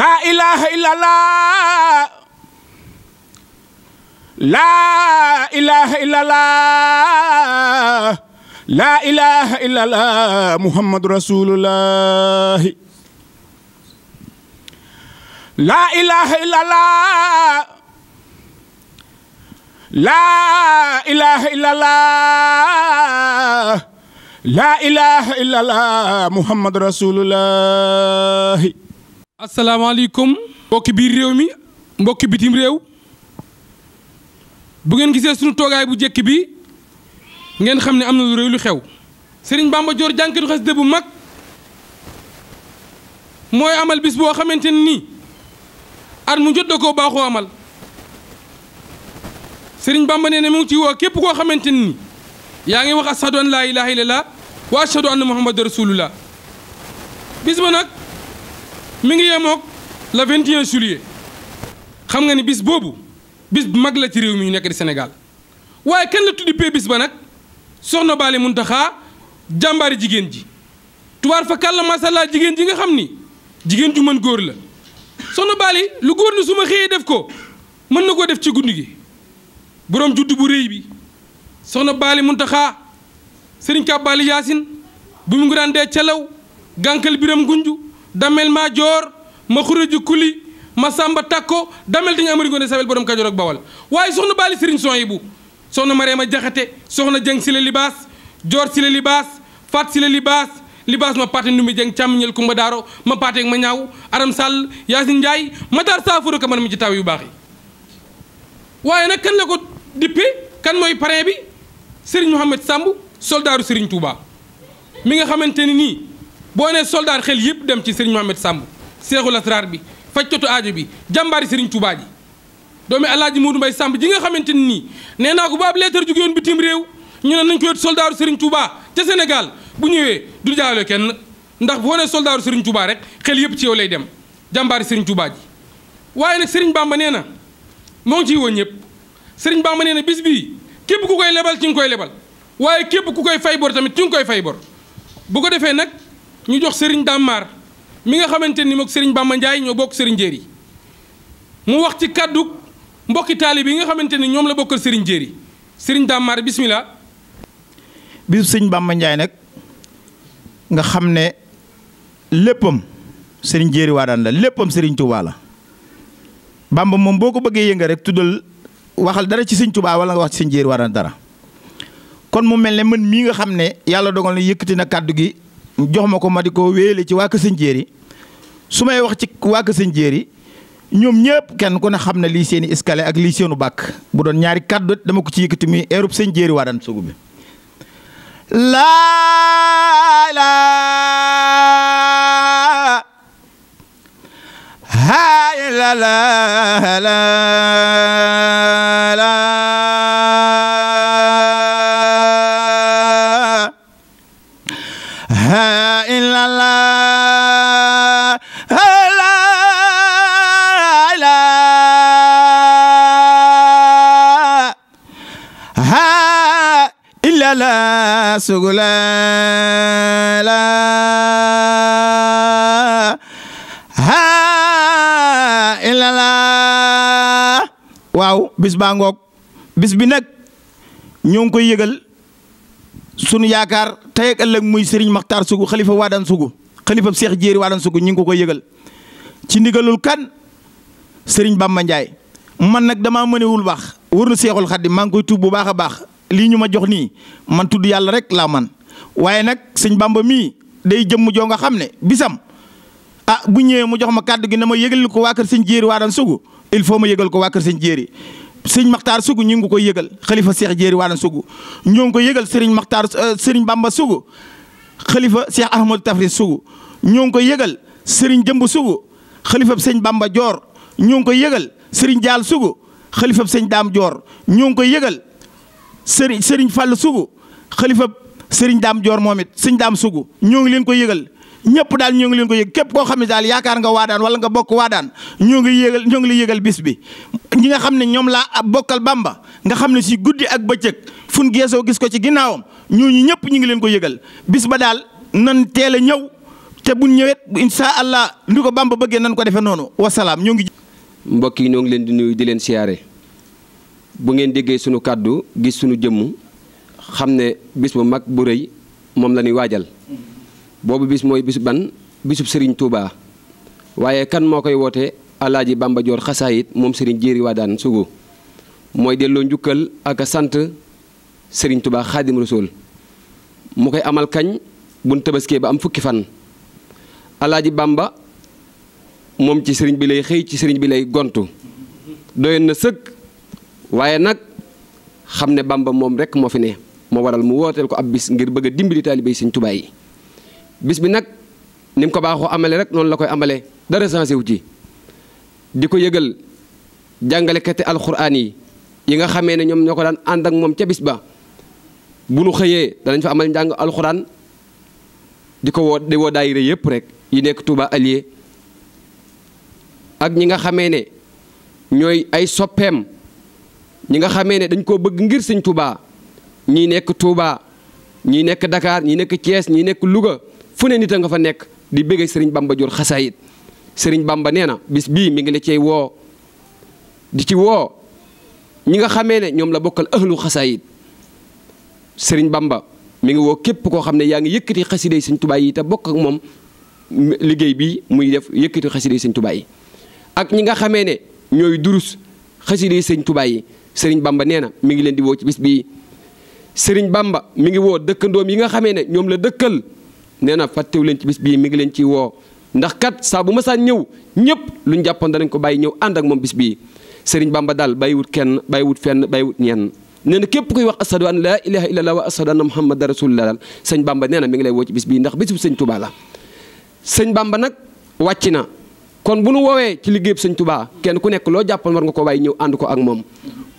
laa ilaha illallah laa ilaha illallah laa ilaha illallah muhammadu rasulullah laa ilaha illallah laa ilaha illallah laa ilaha illallah muhammadu rasulullah asalaamaaleykum mbokki biir réew mi mbokki bitim réew bu ngeen gisee sunu toogaay bu jekk bi ngeen xam ne am na lu réew lu xew Serigne Bamba Dior jànkatu xasida bu mag mooy amal bis boo xamante ne nii at mu jot da koo baaxoo amal Serigne Bamba nee na mu ngi ci woo képp koo xamante ne nii yaa ngi wax ashadu an laa ilaaha illallah wa ashadu anna muhammadu rasulullah bis ba nag mi ngi yemoog le 21 juillet xam nga ni bis boobu bis bu mag la ci réew mi ñu nekk di Sénégal waaye kenn la tuddi bis ba nag soxna Baali Muntaxa jàmbaari jigéen ji tubaar fa kàlla masallaa jigéen ji nga xam ni jigéen ju mën góor la soxna Baali lu góor lu su xëyee def ko mën na koo def ci guddi gi boroom juddu bu rëy bi soxna Baali Muntaxa sëriñ Kàbbaali Yaasin bu mu ngi daan dee calaw gànkal biram gunju damel maa joor ma xureju kuli ma sàmba takko damel dañu amari ngoone sabel borom kajoor ak bawal waaye soxna baali sëriñ son yi bu soxna ma jaxate soxna jëng si la libaas joor si la libaas faat si la libaas libaas ma paate ndumbi jëng càmmiñal kumba daaro ma paateeg ma ñaaw aram sàll yaasin njaay mataar saafara ka man mi ci taw yu baax yi waaye nag kan la ko dippe kan mooy parrain bi sëriñ mouhamed sàmb soldaaru sëriñ touba mi nga xamante ni boo nee soldat xel yëpp dem ci sëriñ Mohamed Samb seexul asraar bi fajkatu aajo bi jàmbaari sëriñ Touba ji doomi alaaji Moodu Mbay Samb ji nga xamante ni nii nee naa ko ba ab leetar jóge woon bitim réew ñu ne nañ ko yot soldaaru sëriñ Touba ca Sénégal bu ñëwee du jaawale kenn ndax boo nee soldaaru sëriñ Touba rek xel yëpp ci yow lay dem jàmbaari sëriñ Touba ji waaye nag sëriñ Bamba nee na moo ngi ciy woon ñëpp sëriñ Bamba nee na bis bii képp ku koy lebal ci nga koy lebal waaye képp ku koy fay tamit ci nga koy fay bor ko defee nag ñu jox Serigne Dàmmaar mi nga xamante ni moog sëriñ Bamba ñoo bokk Serigne Jéeri mu wax ci kàddu mbokki taalib yi nga xamante ni ñoom la bokkal Serigne Jéeri Serigne Dàmmaar bismillah. bisu Serigne Bamba nag nga xam ne léppam Serigne Jéeri Waadaan la léppam Serigne Touba la Bamba moom boo ko bëggee yënga rek tuddal waxal dara ci Serigne Touba wala nga wax ci Serigne Jéeri Waadaan dara kon mu mel ne man mii nga xam ne yàlla dogal na yëkkati na kàddu gi. jox ma ko ma di ko wéele ci waa Kër Jéeri su may wax ci waa Kër Jéeri ñoom ñëpp kenn ku ne xam na lii seen i ak lii seenu bàkk bu doon ñaari kàddu dama ko ci yëkkati muy erub Sëñ Jéeri waa daan sugu bi laa laa hay إلا الله لا إله إلا الله سقول لا إلا الله waaw bis baa ngoog bis bi nag ñoo ngi koy yëgal sunu yaakaar tey ak ëllëg muy Serigne Makhtar Sougou xalifa Wadane Sougou xalifa Cheikh Jéeri Wadane Sougou ñu ngi ko koy yëgal ci ndigalul kan Serigne Bamba Ndiaye man nag damaa mënewul baax war na seexul xaddim maa ngi koy tuub bu baax a baax lii ñu ma jox nii man tudd yàlla rek laa man waaye nag sëñ Bamba mii day jëmm joo nga xam ne bisam ah bu ñëwee mu jox ma kàdd gi na ma yëgal ko waa kër sëñ Jéeri Wadane Sougou il faut ma yëgal ko waa kër sëñ Jéeri sëriñ Maxtaar Sugu ñu ngi ko yëgal xalifa Cheikh Jéeri Waane Sugu ñoo ngi ko yëgal sëriñ Maxtaar euh, sëriñ Bamba Sugu xalifa Cheikh Ahmadou Tafri Sugu ñoo ngi ko yëgal sëriñ Jëmb Sugu xalifa sëñ Bamba Joor ñoo ngi ko yëgal sëriñ Jaal Sugu xalifa sëñ Daam Joor ñoo ngi ko yëgal sëriñ sëriñ Fàll Sugu xalifa sëriñ Daam Joor moom it sëñ Daam Sugu ñoo leen ko yëgal ñëpp daal ñoo ngi leen ko yëg képp koo xam ne daal yaakaar nga waadaan wala nga bokk waadaan ñoo ngi yëgal ñoo ngi la yëgal bis bi ñi nga xam ne ñoom laa bokkal bamba nga xam ne si guddi ak bëccëg fun geesoo gis ko ci ginnaawam ñooñu ñëpp ñu ngi leen ko yëgal bis ba daal nan teel a ñëw te buñ ñëwet insha allah ndi ko bamba bëggee nan ko defee noonu wasalaam ñoo ngi mbokk yi ñoo ngi leen di nuyu di leen siyaare bu ngeen déggee suñu kàddu gis suñu jëmm xam ne bis bu mag bu rëy moom la ñuy waajal boobu bis mooy bisu ban bisub sëriñ Touba waaye kan moo koy woote alaaji Bamba Joor xasaayit moom Serigne Jéeri Wadaan Sougou mooy delloo njukkal ak a sant Serigne Touba Xaadim Rasuul mu koy amal kañ buñ tabaskee ba am fukki fan alaaji bàmba moom ci sëriñ bi lay xëy ci sëriñ bi lay gontu doyoon na sëkk waaye nag xam ne Bamba moom rek moo fi ne moo waral mu wooteel ko ab bis ngir bëgg a dimbali taalibe Sëriñ Touba yi bis bi nag ni mu ko baaxoo amale rek noonu la koy amalee dara sensé wu ci di ko yëgal jàngalekati alxuraan yi yi nga xamee ne ñoom ñoo ko daan ànd ak moom ca bu nu xëyee danañ fa amal njàng alxuraan di ko woo di yëpp rek yi nekk Touba Alieu ak ñi nga xamee ne ñooy ay soppeem ñi nga xamee ne dañ koo bëgg ngir sëñ Touba ñii nekk Touba ñii nekk Dakar ñii nekk Thiès ñii nekk Louga fu ne nit a nga fa nekk di bëggee sëriñ bamba jur xasaayit sëriñ bamba nee na bis bii mi ngi la cey woo di ci woo ñi nga xamee ne ñoom la bokkal ahlu xasaayit sëriñ bamba mi ngi woo képp koo xam ne yaa ngi yëkkati xasida yi sëñ yi te bokk ak moom liggéey bi muy def yëkkati xasida yi sëñ ak ñi nga xamee ne ñooy durus xasida yi sëñ tubaa yi sëriñ bamba nee na mi ngi leen di woo ci bis bii sëriñ bàmba mi ngi woo dëkkandoom yi nga xamee ne ñoom la dëkkal nee na fàttewu leen ci bis bii mi ngi leen ciy woo ndax kat saa bu masaan ñëw ñëpp lu ñu jàppoon danañ ko bàyyi ñëw ànd ak moom bis bii sëriñ Bamba daal bàyyiwut kenn bàyyiwut fenn bàyyiwut ñenn nee na képp kuy wax ashadu an laa ilaha illallah wa ashadu anna muhammadan rasulullah daal sëñ Bamba nee mi ngi lay woo ci bis bii ndax bisub sëñ Touba la sëñ Bamba nag wàcc na kon bu nu woowee ci liggéeyub sëñ tubaa kenn ku nekk loo jàppoon war nga ko bàyyi ñëw ànd ko ak moom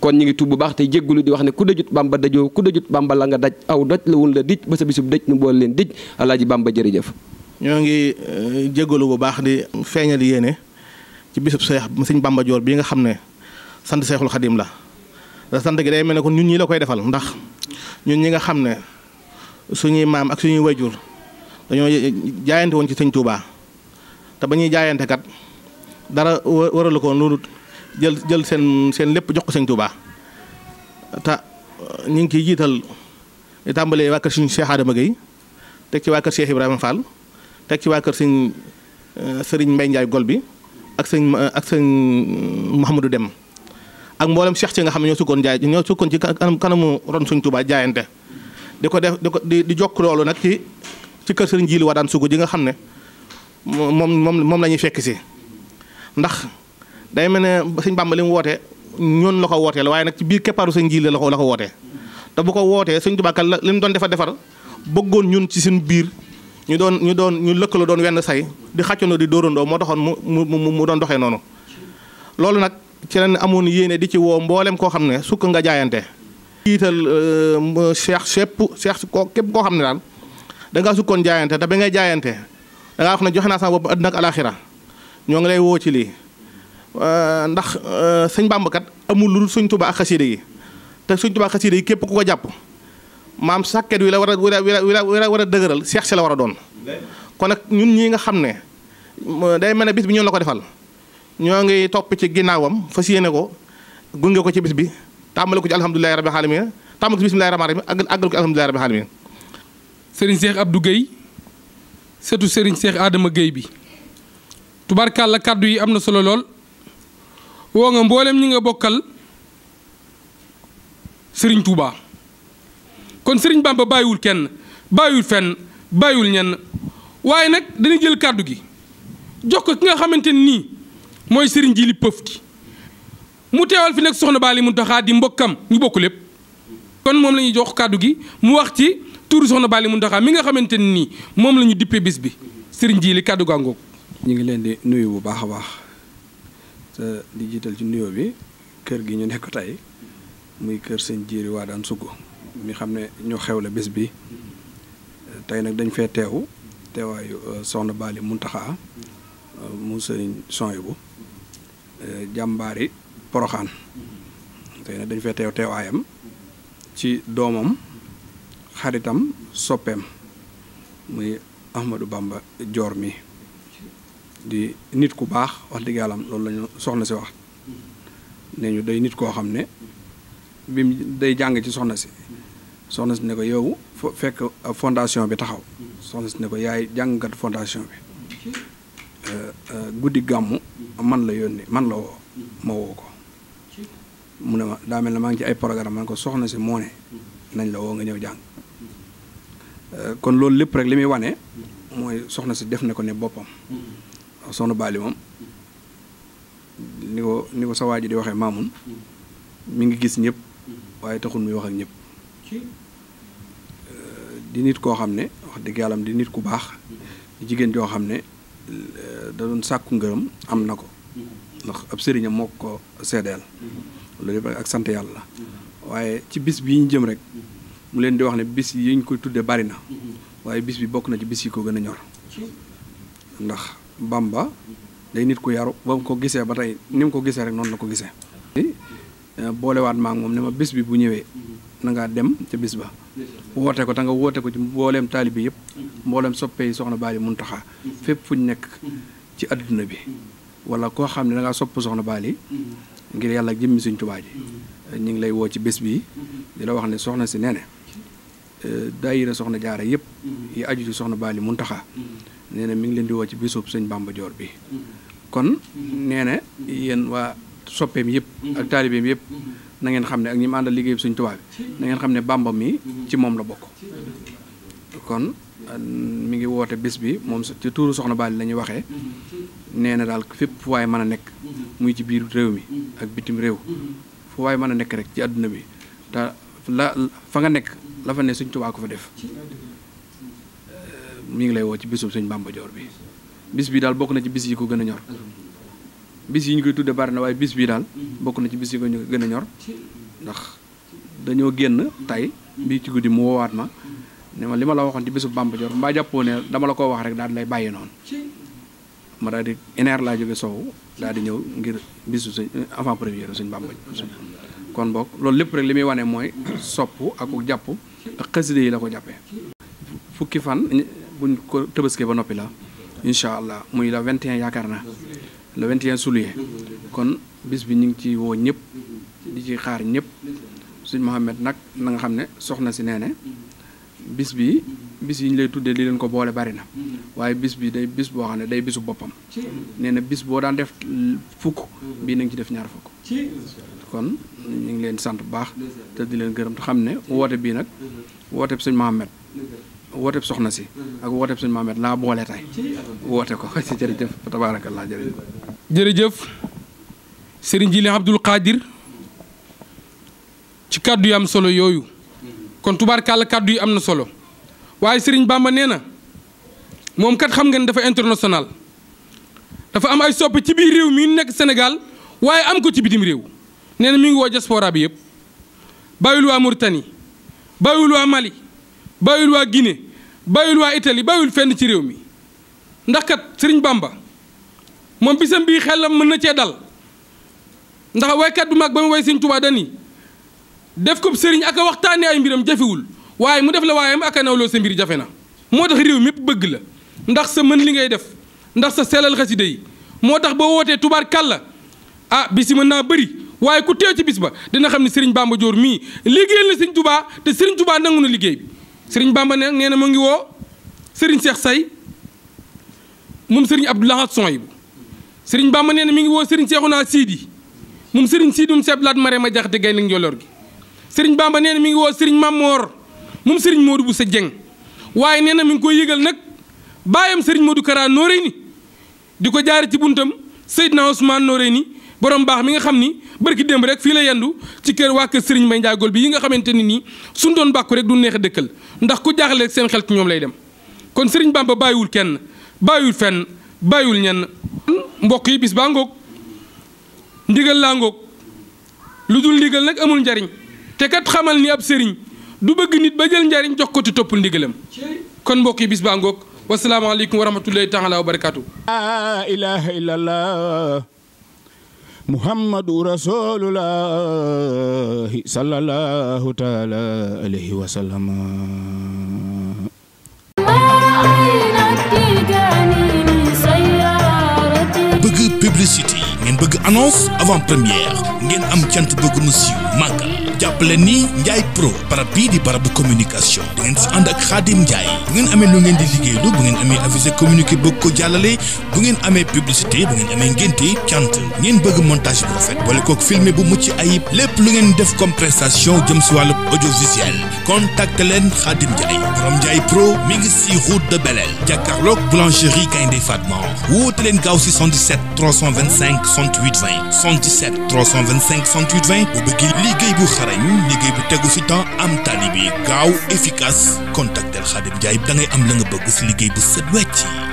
kon ñu ngi tuub bu baax te jéggulu di wax ne ku dajut bamba dajoo ku dajut bamba la nga daj aw doj la wun la dij ba sa bisub dëj nu boole leen dij alaaji bamba jërëjëf ñoo ngi eh, jégalu bu baax di feeñal yéene ci bisub seex sëñ bamba joor bii nga xam ne sant seexul xadim la da sant gi day mel ne kon ñun ñi la koy defal ndax ñu ñi nga xam ne suñuy maam ak suñuy wayjur dañoo jaayante woon ci sëñ Tuubaa te ba ñuy jaayante kat dara waralu ko jël jël seen seen lépp jox ko sëñ Touba ta ñu ngi ciy jiital di tàmbalee waa kër suñu Cheikh Adama Gueye teg ci waa kër Cheikh Ibrahima sëñ euh, sëriñ mbay Ndiaye gol bi ak sëñ ak sëñ euh, Mouhamadou Dem ak mboolem Cheikh ci nga xam ne ñoo sukkoon jaay ñoo sukkoon ci kanam kanamu ron suñ Touba jaayante di ko def di ko di jokk loolu nag ci ci kër Serigne Djili Wadane Sougou ji nga xam ne moom moom lañuy la fekk si ndax. day mel ne sëñ Bàmba li mu woote ñoon la ko wootee la waaye nag ci biir keppaaru sëñ Jiili la ko ko wootee te bu ko wootee sëñ Tuubaa kat li mu doon defar defar bëggoon ñun ci suñu biir ñu doon ñu doon ñu lëkkaloo doon wenn say di xàccandoo di dóorandoo moo taxoon mu mu mu doon doxee noonu loolu nag ci lañ amoon yéene di ci woo mboolem koo xam ne sukk nga jaayante jiital euh, cheikh sépp cheikh ko képp koo xam ne daal da sukkoon jaayante te ba ngay jaayante da ngaa wax ne joxe naa sama bopp àddina ak alaaxira ñoo ngi lay woo ci lii Euh, ndax euh, señ bàmb kat amul lu señ tuba ak xasida yi te señ tuba ak yi kep ku ko japp mam sàkket wi la wara a wi la wi la war a dëgëral seex la wara don kon nak ñun ñi nga xamne day mëna bis bi ñun la ko defal ño ngi top ci ginaawam fasiyene ko gungé ko ci bis bi tamal ko ci alhamdullahi rabbil alamin tamal ko bismillahir rahmanir rahim agal agal ko alhamdullahi rabbil alamin sëriñ Cheikh Abdou gey setu sëriñ Cheikh Adama gey bi tubarkàlla kaddu yi amna solo lol woo nga mboolem ñi nga bokkal sëriñ Touba kon sëriñ Bamba bàyyiwul kenn bàyyiwul fenn bàyyiwul ñenn waaye nag dana jël kàddu gi jox ko ki nga xamante nii mooy sëriñ ji li pëfti mu teewal fi nag soxna Baali Muntaxa di mbokkam ñu bokk lépp kon moom la ñuy jox kàddu gi mu wax ci tuuru soxna Baali Muntaxa mi nga xamante nii moom la ñu dippe bis bi sëriñ ji li kàddu gàngoog ñu ngi leen di nuyu bu baax a baax di jiital ci nuyoo bi kër gi ñu nekk tey muy kër sëñ jiiri waa daan sugg mi xam ne ñoo la bés bi tey nag dañ fee teew teewaayu euh, soxna Bali Muntaxa euh, mu sëriñ Soyibu euh, jàmbaari Poroxaan tey nag dañ fee teew teewaayam ci doomam xaritam soppeem muy Ahmadou bàmba Joor mi di nit ku baax wax dëgg yàlla loolu lañu soxna si wax ne ñu day nit koo xam ne bi mu day jàng ci soxna si soxna si ne ko yow fekk fondation bi taxaw soxna si ne ko yaay jàngkat fondation bi euh, euh, guddi gàmmu man la yónni man la woo ma ko mu ne ma daa mel ne maa ngi ci ay programme man soxna si moo nañ la woo nga ñëw jàng euh, kon loolu lépp rek li muy wane mooy soxna si def na ko ne boppam soxna Baali moom ni ko ni ko sa waaju ji di waxee maamun mi ngi gis ñëpp waaye taxul muy wax ak ñëpp di nit koo xam ne wax dëgg yàllam di nit ku baax di jigéen joo xam ne da doon sàkku ngërëm am na ko ndax ab sëriñam mokk ko seedeel loolu yëpp ak sant yàlla waaye ci bis bii ñu jëm rek mu leen di wax ne bis yi ñu koy tuddee bari na waaye bis bi bokk na ci bis yi ko gën a ñor ndax ba day nit ku yaru ba mu ko gisee ba tey ni mu ko gisee rek noonu la ko gisee. Eh, boolewaat maa moom ne ma bis bi bu ñëwee na ngaa dem ca bis ba woote ko te nga woote ko ci mbooleem taalibe yëpp mbooleem soppee yi soxna Baali Muntaxa fépp fu ñu nekk ci adduna bi wala koo xam ne da sopp soxna Baali ngir yàlla jëmmi suñ Tuubaa ñu ngi lay woo ci bis bi di la wax ne soxna si nee ne eh, daayira soxna jaara yëpp yi aju ci soxna Baali Muntaxa nee na mi ngi leen di woo ci bisub sëñ Bamba Joor bi mm-hmm. kon nee na yéen waa soppeem yëpp mm-hmm. ak taalibeem yëpp mm-hmm. na ngeen xam ne ak ñi mu àndal liggéey bi sëñ Tuubaa bi na ngeen xam ne Bamba mi ci moom la bokk kon mu ngi woote bis bi moom ci tuuru soxna Bali la ñuy waxee nee na daal fépp waaye mën a nekk muy ci biir réew mi ak bitim réew fu waaye mën a nekk rek ci àdduna bi te la fa nga nekk la fa ne sëñ Tuubaa ko fa def mi ngi lay woo ci bisub suñ Bàmba Joor bi bis bi daal bokk na ci bis yi ko gën a ñor bis yi ñu koy tudde bari na waaye bis bi daal bokk na ci bis yi ko gën a ñor ndax dañoo génn tey bii ci guddi mu woowaat ma ne ma li ma la waxoon ci bisub Bàmba Joor mbaa jàppoo ne dama la ko wax rek daal di lay bàyyi noonu ma daal di eneer laa jóge soow daal di ñëw ngir bisu suñ avant première suñ Bàmba kon boog loolu lépp rek li muy wane mooy sopp ak jàpp ak yi la ko jàppee buñ ko tëbaskee ba noppi la incha allah muy la 21 yaakaar na le 21 juillet kon bis bi ñu ngi ci woo ñëpp di ci xaar ñëpp suñ Mohamed nag na nga xam ne soxna si nee ne bis bi bis yi ñu lay tuddee di leen ko boole bari na waaye bis bi day bis boo xam ne day bisu boppam nee na bis boo daan def fukk bii na ci def ñaar fukk kon ñu ngi leen sant bu baax te di leen gërëm te xam ne woote bii nag woote bi suñ Mohamed woote soxna si ak wooteeb suñu Maamet laa boole woote ko si jërëjëf tabaarakallah jërëjëf. jërëjëf Serigne Abdul Qadir ci kàddu yi am solo yooyu kon tubaarkàlla kàddu yi am na solo waaye Serigne Bamba nee na moom kat xam nga ni dafa international dafa am ay soppe ci biir réew mi nekk Sénégal waaye am ko ci bitim réew nee na mi ngi woo diaspora bi yëpp bàyyil waa Mauritanie bàyyil waa Mali bàyyil waa Guinée. bayul wa itali bayul fenn ci réew mi ndax kat serigne Bamba mom bisam bi xelam mën na dal ndax kat bu mag bam way serigne touba dani def ko serigne ak waxtani ay mbiram jafewul waye mu def la waayam ak nawlo nawloo sa mbir jafena motax moo tax beug la ndax sa mën li ngay def ndax sa selal yi motax bo wote kala ah bisi mën naa waye ku teew ci bisba dina xamni serigne Bamba jor mi liggéeyal na sëriñ te serigne touba nanguna na bi Sering Bamba neena mo ngi wo serigne Cheikh Say mum serigne abdullah Lahad yi serigne Bamba neena mi ngi wo serigne cheikhuna Sidi moom sëriñ Sidi moom Seydou Laat Marema Jaxate Gaynde yolor gi sering Bamba neena mi ngi wo serigne Mamor mum serigne Modou bu sa jeng waye neena mi ngi koy yegal nak bayam serigne Modou Kara Noreyni ni diko jaar ci buntam Seydina Ousmane ni borom bax mi nga xamni barki demb rek fi la yandu ci keer waa kër sëriñ Mbaye bi yi nga xamanteni ni sun doon rek du neex a ndax ku jaaxle seen xel ci ñoom lay dem kon sëriñ Serigne Bamba bàyyiwul kenn bàyyiwul fenn bàyyiwul ñenn. mbokk yi bis baa ngoog ndigal laa ngoog lu dul ndigal nag amul njariñ te kat xamal ni ab sëriñ du bëgg nit ba jël njariñ jox ko ci topp ndigalam kon mbokk yi bis baa ngoog wasalaamaaleykum wa rahmatullahi taala wa barakaatu. laa ilaaha illallah. muhammadu rasulullahi sallallahu taala alayhi wa sallam bëgg publicité ngeen bëgg annonce avant première ngeen am cant bëgg mu siiw jàppale ni Ndiaye Pro barab bii di barabu communication di si ànd ak Xaadim Ndiaye bu ngeen amee lu ngeen di liggéeylu bu ngeen amee avisé communiqué bëgg ko jàllale bu ngeen amee publicité bu ngeen amee ngénte cant ngeen bëgg montage bu boole kook filmé bu mucc ayib lépp lu ngeen def comme prestation si wàllu audiovisuel contacte leen Xaadim Ndiaye borom Ndiaye Pro mi ngi si route de Belel jàkkaarloog boulangerie Gaynde Fatma woote leen gaaw si xarañ liggéey bu tegu fi temps am tali bi gaaw efficace contactel Khadim Ndiaye da ngay am la nga bëgg si liggéey bu set wecc